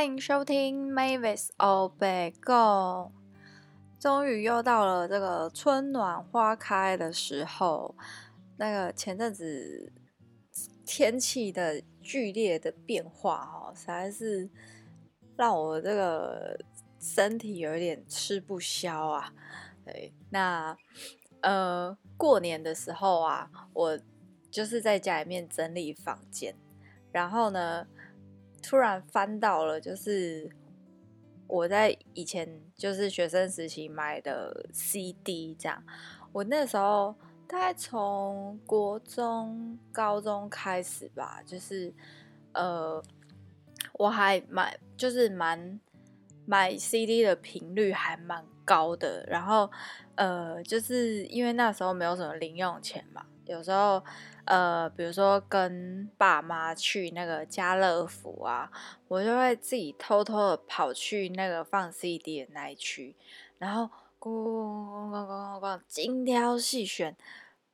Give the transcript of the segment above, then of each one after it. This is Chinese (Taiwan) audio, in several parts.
歡迎收聽《Mavis 歐北共》。終於又到了這個春暖花開的時候，那個前陣子天氣的劇烈的變化哦，實在是讓我這個身體有一點吃不消啊。對，那呃，過年的時候啊，我就是在家裡面整理房間，然後呢。突然翻到了，就是我在以前就是學生時期買的 CD，這樣。我那時候大概從國中、高中開始吧，就是呃，我還買，就是蠻買 CD 的頻率還蠻高的。然後呃，就是因為那時候沒有什麼零用錢嘛，有時候。呃，比如說跟爸媽去那個家樂福啊，我就會自己偷偷的跑去那個放 CD 的那一區，然後咣咣咣咣咣咣咣，精挑細選，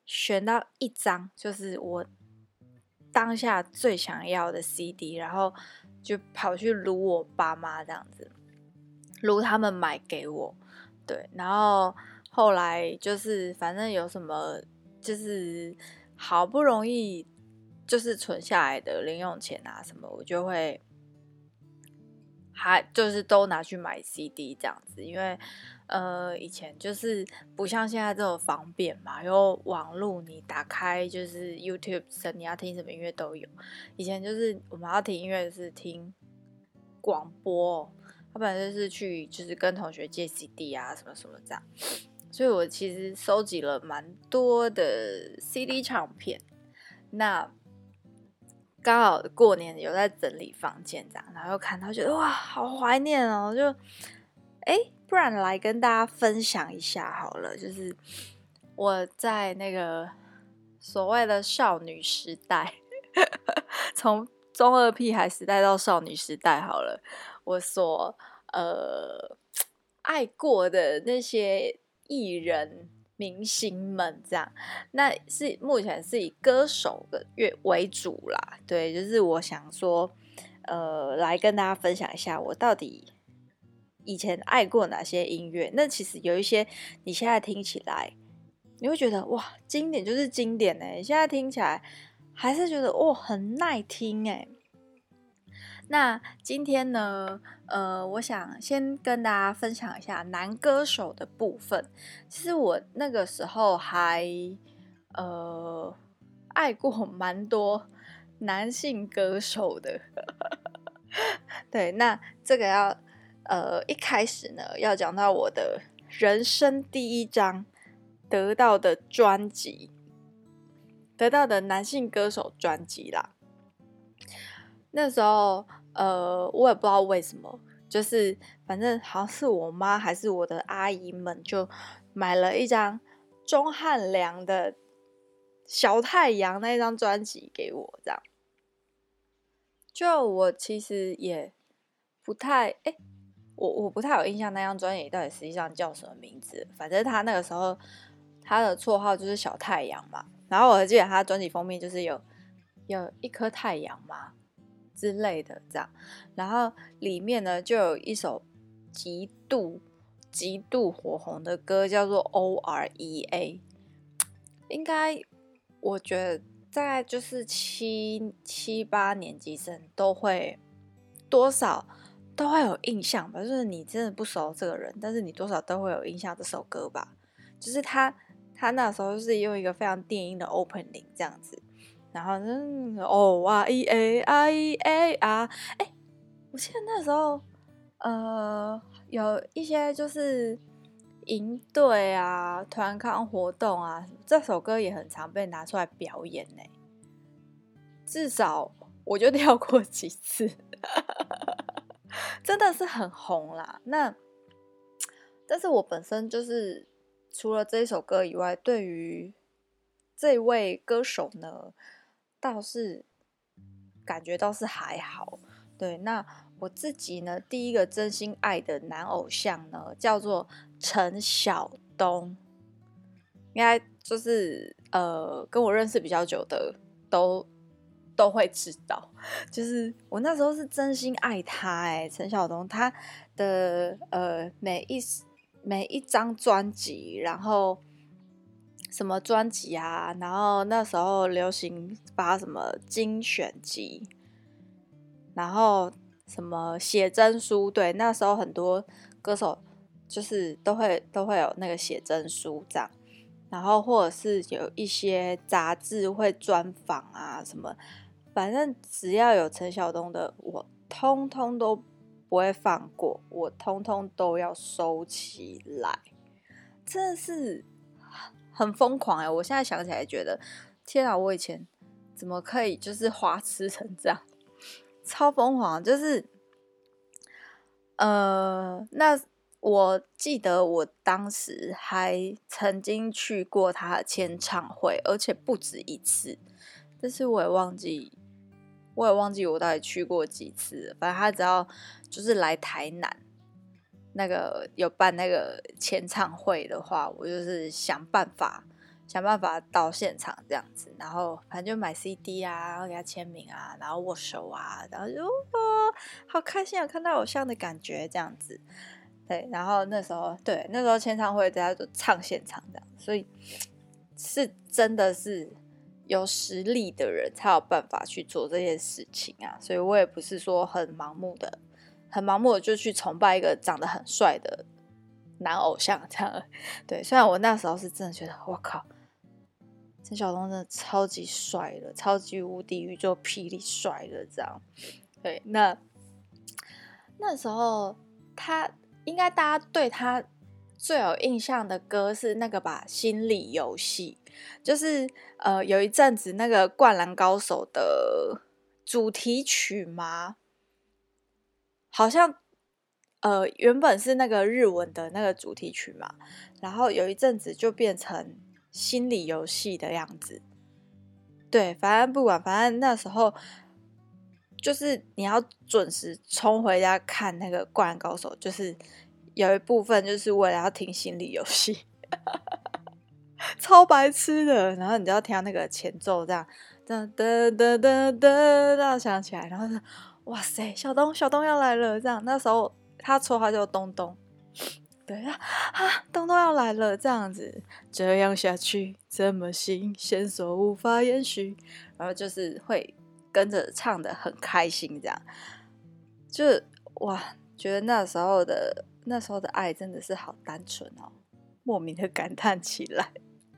選到一張就是我當下最想要的 CD，然後就跑去盧我爸媽這樣子，盧他們買給我，對，然後後來就是反正有什麼就是。好不容易就是存下來的零用錢啊，什麼我就會，還就是都拿去買 CD 這樣子，因為呃以前就是不像現在這麼方便嘛，有網絡你打開就是 YouTube 什麼，你要聽什麼音樂都有。以前就是我們要聽音樂是聽廣播，哦，他本來就是去就是跟同學借 CD 啊，什麼什麼這樣。所以，我其實收集了蠻多的 CD 唱片。那剛好過年有在整理房間，這樣，然後又看到，覺得哇，好懷念哦！就哎，不然來跟大家分享一下好了。就是我在那個所謂的少女時代， 從中二屁孩時代到少女時代，好了，我所呃愛過的那些。藝人、明星們這樣，那是目前是以歌手的樂為主啦。對，就是我想說，呃，來跟大家分享一下，我到底以前愛過哪些音樂。那其實有一些，你現在聽起來，你會覺得哇，經典就是經典呢、欸。現在聽起來還是覺得哇、哦，很耐聽哎、欸。那今天呢，呃，我想先跟大家分享一下男歌手的部分。其實我那個時候還，呃，愛過蠻多男性歌手的。 對，那這個要，呃，一開始呢，要講到我的人生第一張得到的專輯，得到的男性歌手專輯啦。那時候，呃，我也不知道為什麼，就是反正好像是我媽還是我的阿姨們，就買了一張鍾漢良的《小太陽》那張專輯給我，這樣。就我其實也不太誒、欸，我我不太有印象，那張專輯到底實際上叫什麼名字？反正他那個時候他的綽號就是小太陽嘛。然後我記得他專輯封面就是有有一顆太陽嘛。之類的，這樣，然後裡面呢，就有一首極度極度火紅的歌，叫做 O R E A。應該我覺得在，就是七七八年級生都會多少都會有印象吧，就是你真的不熟這個人，但是你多少都會有印象這首歌吧，就是他他那時候是用一個非常電音的 opening 這樣子。然後，哦、嗯、哇，e a i e a 啊，哎、欸，我記得那時候，呃，有一些就是營隊啊、團康活動啊，這首歌也很常被拿出來表演呢、欸。至少我就跳過幾次， 真的是很紅啦。那，但是我本身就是除了這一首歌以外，對於這位歌手呢？倒是感覺倒是還好，對。那我自己呢，第一個真心愛的男偶像呢，叫做陳曉東，應該就是呃跟我認識比較久的都都會知道，就是我那時候是真心愛他哎、欸，陳曉東他的呃每一每一張專輯，然後。什麼專輯啊？然後那時候流行發什麼精選集，然後什麼寫真書。對，那時候很多歌手就是都會都會有那個寫真書這樣，然後或者是有一些雜誌會專訪啊什麼。反正只要有陳曉東的，我通通都不會放過，我通通都要收起來。真的是。很瘋狂欸！我現在想起來覺得，天啊，我以前怎麼可以就是花痴成這樣，超瘋狂！就是，呃，那我記得我當時還曾經去過他的簽唱會，而且不止一次。但是我也忘記，我也忘記我到底去過幾次。反正他只要就是來台南，那個有辦那個簽唱會的話，我就是想辦法想辦法到現場這樣子，然後反正就買 CD 啊，然後給他簽名啊，然後握手啊，然後就哦，好開心啊，看到偶像的感覺這樣子，對，然後那時候對那時候簽唱會大家都唱現場這樣，所以是真的是有實力的人才有辦法去做這件事情啊，所以我也不是說很盲目的。很盲目的就去崇拜一個長得很帥的男偶像，這樣，對。雖然我那時候是真的覺得，我靠，陳曉東真的超級帥的，超級無敵宇宙霹靂帥的，這樣，對。那那時候他應該大家對他最有印象的歌是那個吧，《心理遊戲》，就是呃有一陣子那個《灌籃高手》的主題曲嗎？好像，呃，原本是那個日文的那個主題曲嘛，然後有一陣子就變成心理遊戲的樣子。對，反正不管，反正那時候就是你要準時衝回家看那個《灌籃高手》，就是有一部分就是為了要聽心理遊戲， 超白痴的。然後你就要聽那個前奏，這樣，這樣噔噔噔噔，然後想起來，然後哇塞，小東小東要來了，這樣，那時候他說話叫東東，對呀，啊，東東要來了，這樣子這樣下去怎麼行？線索無法延續，然後就是會跟着唱的很開心，這樣就是哇，覺得那時候的那時候的愛真的是好單純哦，莫名的感嘆起來。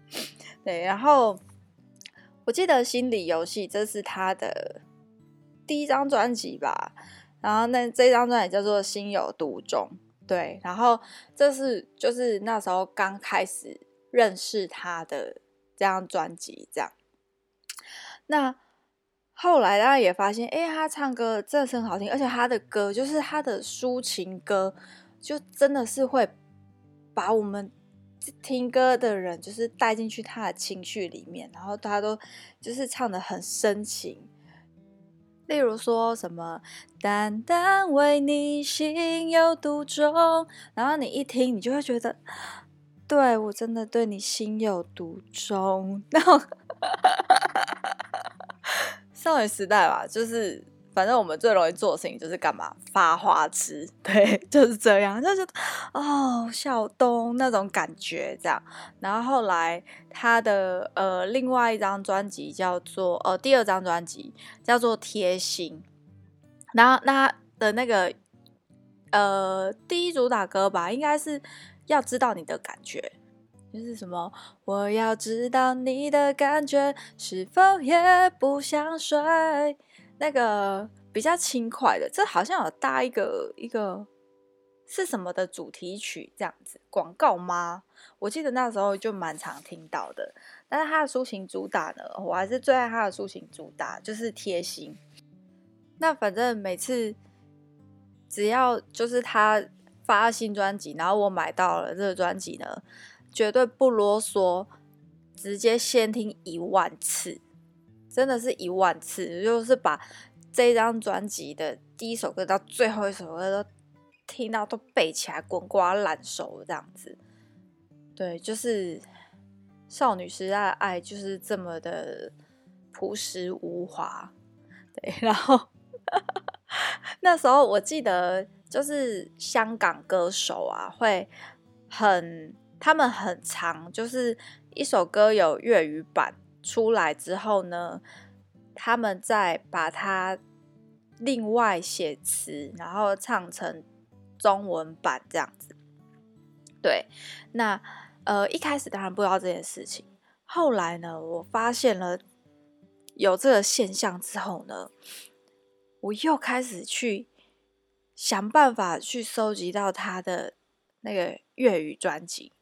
對，然後我記得心理遊戲，這是他的。第一張專輯吧，然後那這張專輯叫做《心有獨鍾》，對，然後這是就是那時候剛開始認識他的這張專輯，這樣。那後來大家也發現，哎、欸，他唱歌真的是很好聽，而且他的歌就是他的抒情歌，就真的是會把我們聽歌的人就是帶進去他的情緒裡面，然後他都就是唱得很深情。例如說什麼“單單為你心有獨鍾”，然後你一聽，你就會覺得，對，我真的對你心有獨鍾。然後，哈哈哈哈哈！少女時代吧，就是。反正我們最容易做的事情就是幹嘛？發花痴，對，就是這樣，就是哦，小東那種感覺這樣。然後後來他的呃，另外一張專輯叫做哦、呃，第二張專輯叫做《貼心》，然後那他的那個呃，第一主打歌吧，應該是要知道你的感覺，就是什麼，我要知道你的感覺，是否也不想睡。那個比較輕快的，這好像有搭一個一個是什麼的主題曲，這樣子，廣告嗎？我記得那時候就蠻常聽到的。但是他的抒情主打呢，我還是最愛他的抒情主打，就是貼心。那反正每次只要就是他發新專輯，然後我買到了這個專輯呢，絕對不囉嗦，直接先聽一萬次。真的是一萬次，就是把這張專輯的第一首歌到最後一首歌都聽到都背起來，滾瓜爛熟這樣子。對，就是少女時代的愛就是這麼的樸實無華。對，然後 那時候我記得就是香港歌手啊，會很他們很常，就是一首歌有粵語版。出來之後呢，他們再把它另外寫詞，然後唱成中文版這樣子。對，那呃一開始當然不知道這件事情，後來呢，我發現了有這個現象之後呢，我又開始去想辦法去收集到他的那個粵語專輯，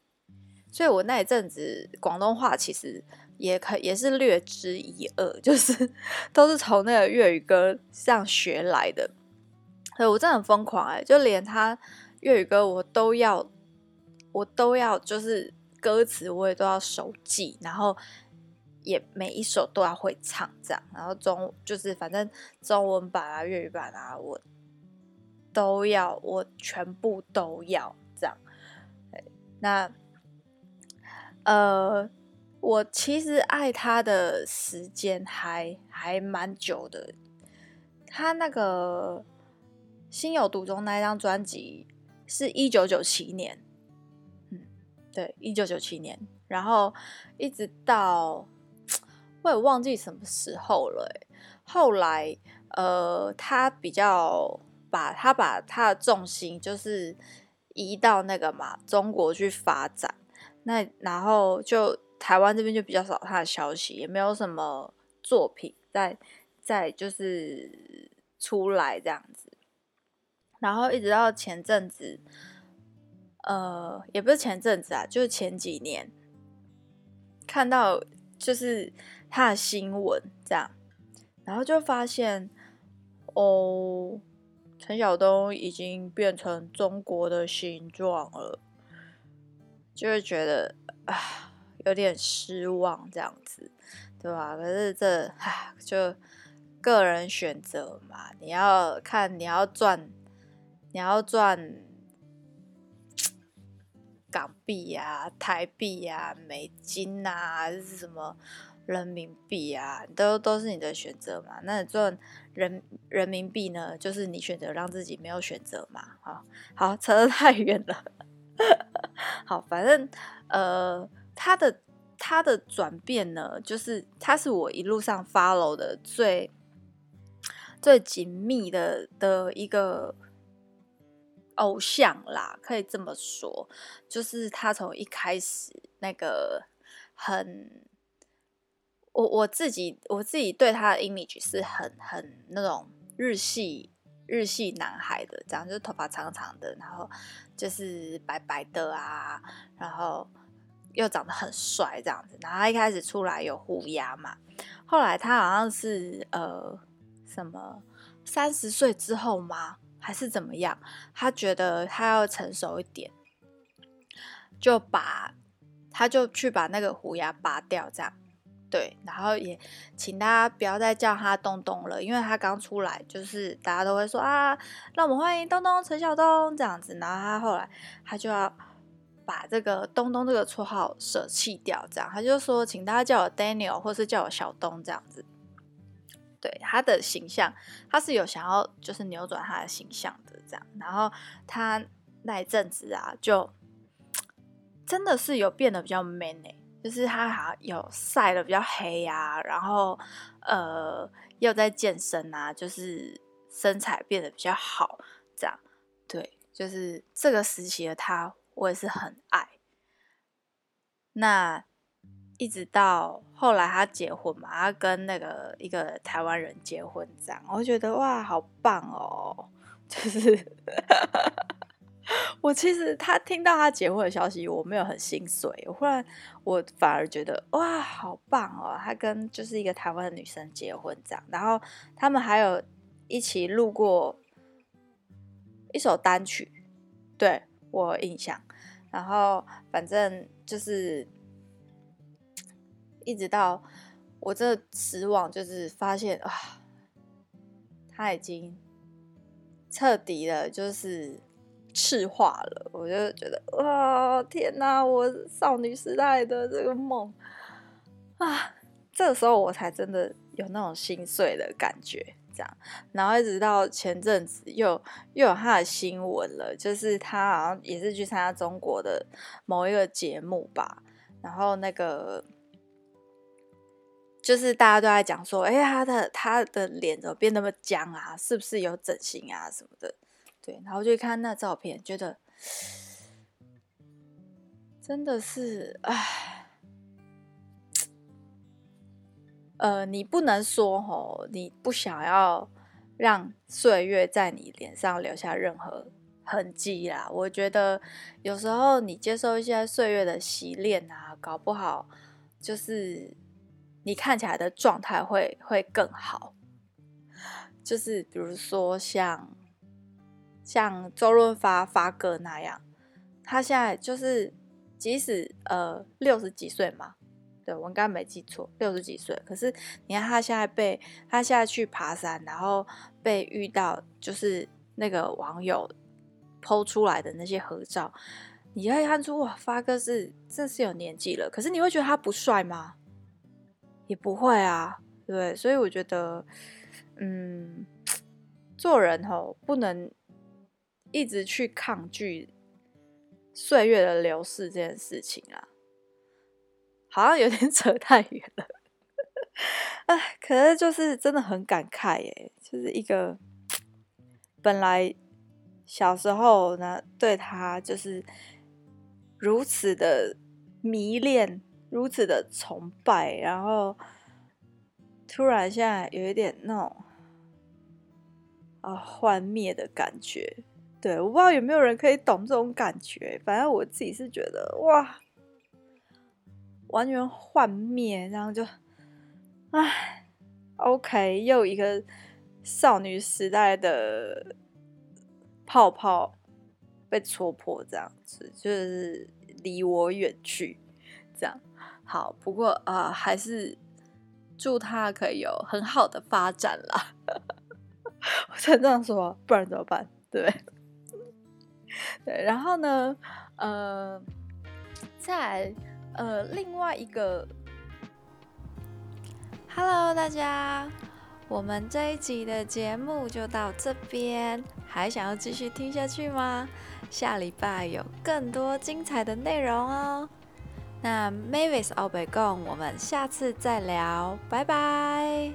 所以我那一陣子廣東話其實。也可也是略知一二，就是都是從那個粵語歌上學來的。我真的很瘋狂哎、欸，就連他粵語歌我都要，我都要，就是歌詞我也都要熟記，然後也每一首都要會唱這樣。然後中就是反正中文版啊、粵語版啊，我都要，我全部都要這樣。那呃。我其實愛他的時間還還蠻久的。他那個心有獨鍾那張專輯是一九九七年，嗯，對，一九九七年。然後一直到我也忘記什麼時候了。後來，呃，他比較把他把他的重心就是移到那個嘛中國去發展。那然後就。台灣這邊就比較少他的消息，也沒有什麼作品在在就是出來這樣子，然後一直到前陣子，呃，也不是前陣子啊，就是前幾年看到就是他的新聞這樣，然後就發現哦，陳曉東已經變成中國的形狀了，就會覺得啊。有點失望，這樣子，對吧、啊？可是這就個人選擇嘛。你要看你要賺，你要賺港幣呀、啊、台幣呀、啊、美金啊是什麼人民幣啊？都都是你的選擇嘛。那你賺人人民幣呢，就是你選擇讓自己沒有選擇嘛。啊，好，扯得太遠了。 好，反正呃。他的他的轉變呢，就是他是我一路上 follow 的最最緊密的的一個偶像啦，可以這麼說。就是他從一開始那個很我我自己我自己對他的 image 是很很那種日系日系男孩的。這樣就是頭髮長長的，然後就是白白的啊，然後。又長得很帥，這樣子。然後他一開始出來有虎牙嘛，後來他好像是呃什麼三十歲之後嗎，還是怎麼樣？他覺得他要成熟一點，就把他就去把那個虎牙拔掉，這樣。對，然後也請大家不要再叫他東東了，因為他剛出來就是大家都會說啊，讓我們歡迎東東陳曉東這樣子。然後他後來他就要。把這個東東這個綽號捨棄掉，這樣他就說，請大家叫我 Daniel，或是叫我小東這樣子對。對他的形象，他是有想要就是扭轉他的形象的，這樣。然後他那一陣子啊，就真的是有變得比較 man，欸，就是他好像有曬得比較黑啊，然後呃又在健身啊，就是身材變得比較好，這樣。對，就是這個時期的他。我也是很愛。那一直到後來他結婚嘛，他跟那個一個台灣人結婚這樣，我覺得哇，好棒哦、喔！就是 我其實他聽到他結婚的消息，我沒有很心碎，我忽然我反而覺得哇，好棒哦、喔！他跟就是一個台灣的女生結婚這樣，然後他們還有一起錄過一首單曲，對。我印象，然後反正就是，一直到我這死網，就是發現啊，他已經徹底的，就是赤化了。我就覺得哇，天哪！我少女時代的這個夢啊，這時候我才真的有那種心碎的感覺。這樣，然後一直到前陣子又有又有他的新聞了，就是他好像也是去參加中國的某一個節目吧，然後那個就是大家都在講說，哎，他的他的臉怎麼變那麼僵啊？是不是有整形啊什麼的？對，然後就看那照片，覺得真的是哎。呃，你不能說吼，你不想要讓歲月在你臉上留下任何痕跡啦，我覺得有時候你接受一些歲月的洗練啊，搞不好就是你看起來的狀態會會更好。就是比如說像像周潤發發哥那樣，他現在就是即使呃六十幾歲嘛。對，我應該沒記錯，六十幾歲。可是你看他現在被他現在去爬山，然後被遇到就是那個網友 po 出來的那些合照，你會看出哇，發哥是真是有年紀了。可是你會覺得他不帥嗎？也不會啊，對，所以我覺得，嗯，做人哦，不能一直去抗拒歲月的流逝這件事情啊。好像有點扯太遠了， 哎，可是就是真的很感慨耶！就是一個本來小時候呢對他就是如此的迷戀，如此的崇拜，然後突然現在有一點那種，啊，幻滅的感覺，對，我不知道有沒有人可以懂這種感覺，反正我自己是覺得哇。完全幻滅，然後就唉，唉，OK，又一個少女時代的泡泡被戳破，這樣子就是離我遠去，這樣。好，不過啊、呃，還是祝她可以有很好的發展啦。 我才這樣說，不然怎麼辦？對，對，然後呢，呃，在。呃，另外一個，Hello，大家，我們這一集的節目就到這邊，還想要繼續聽下去嗎？下禮拜有更多精彩的內容哦。那 Mavis 歐北共，我們下次再聊，拜拜。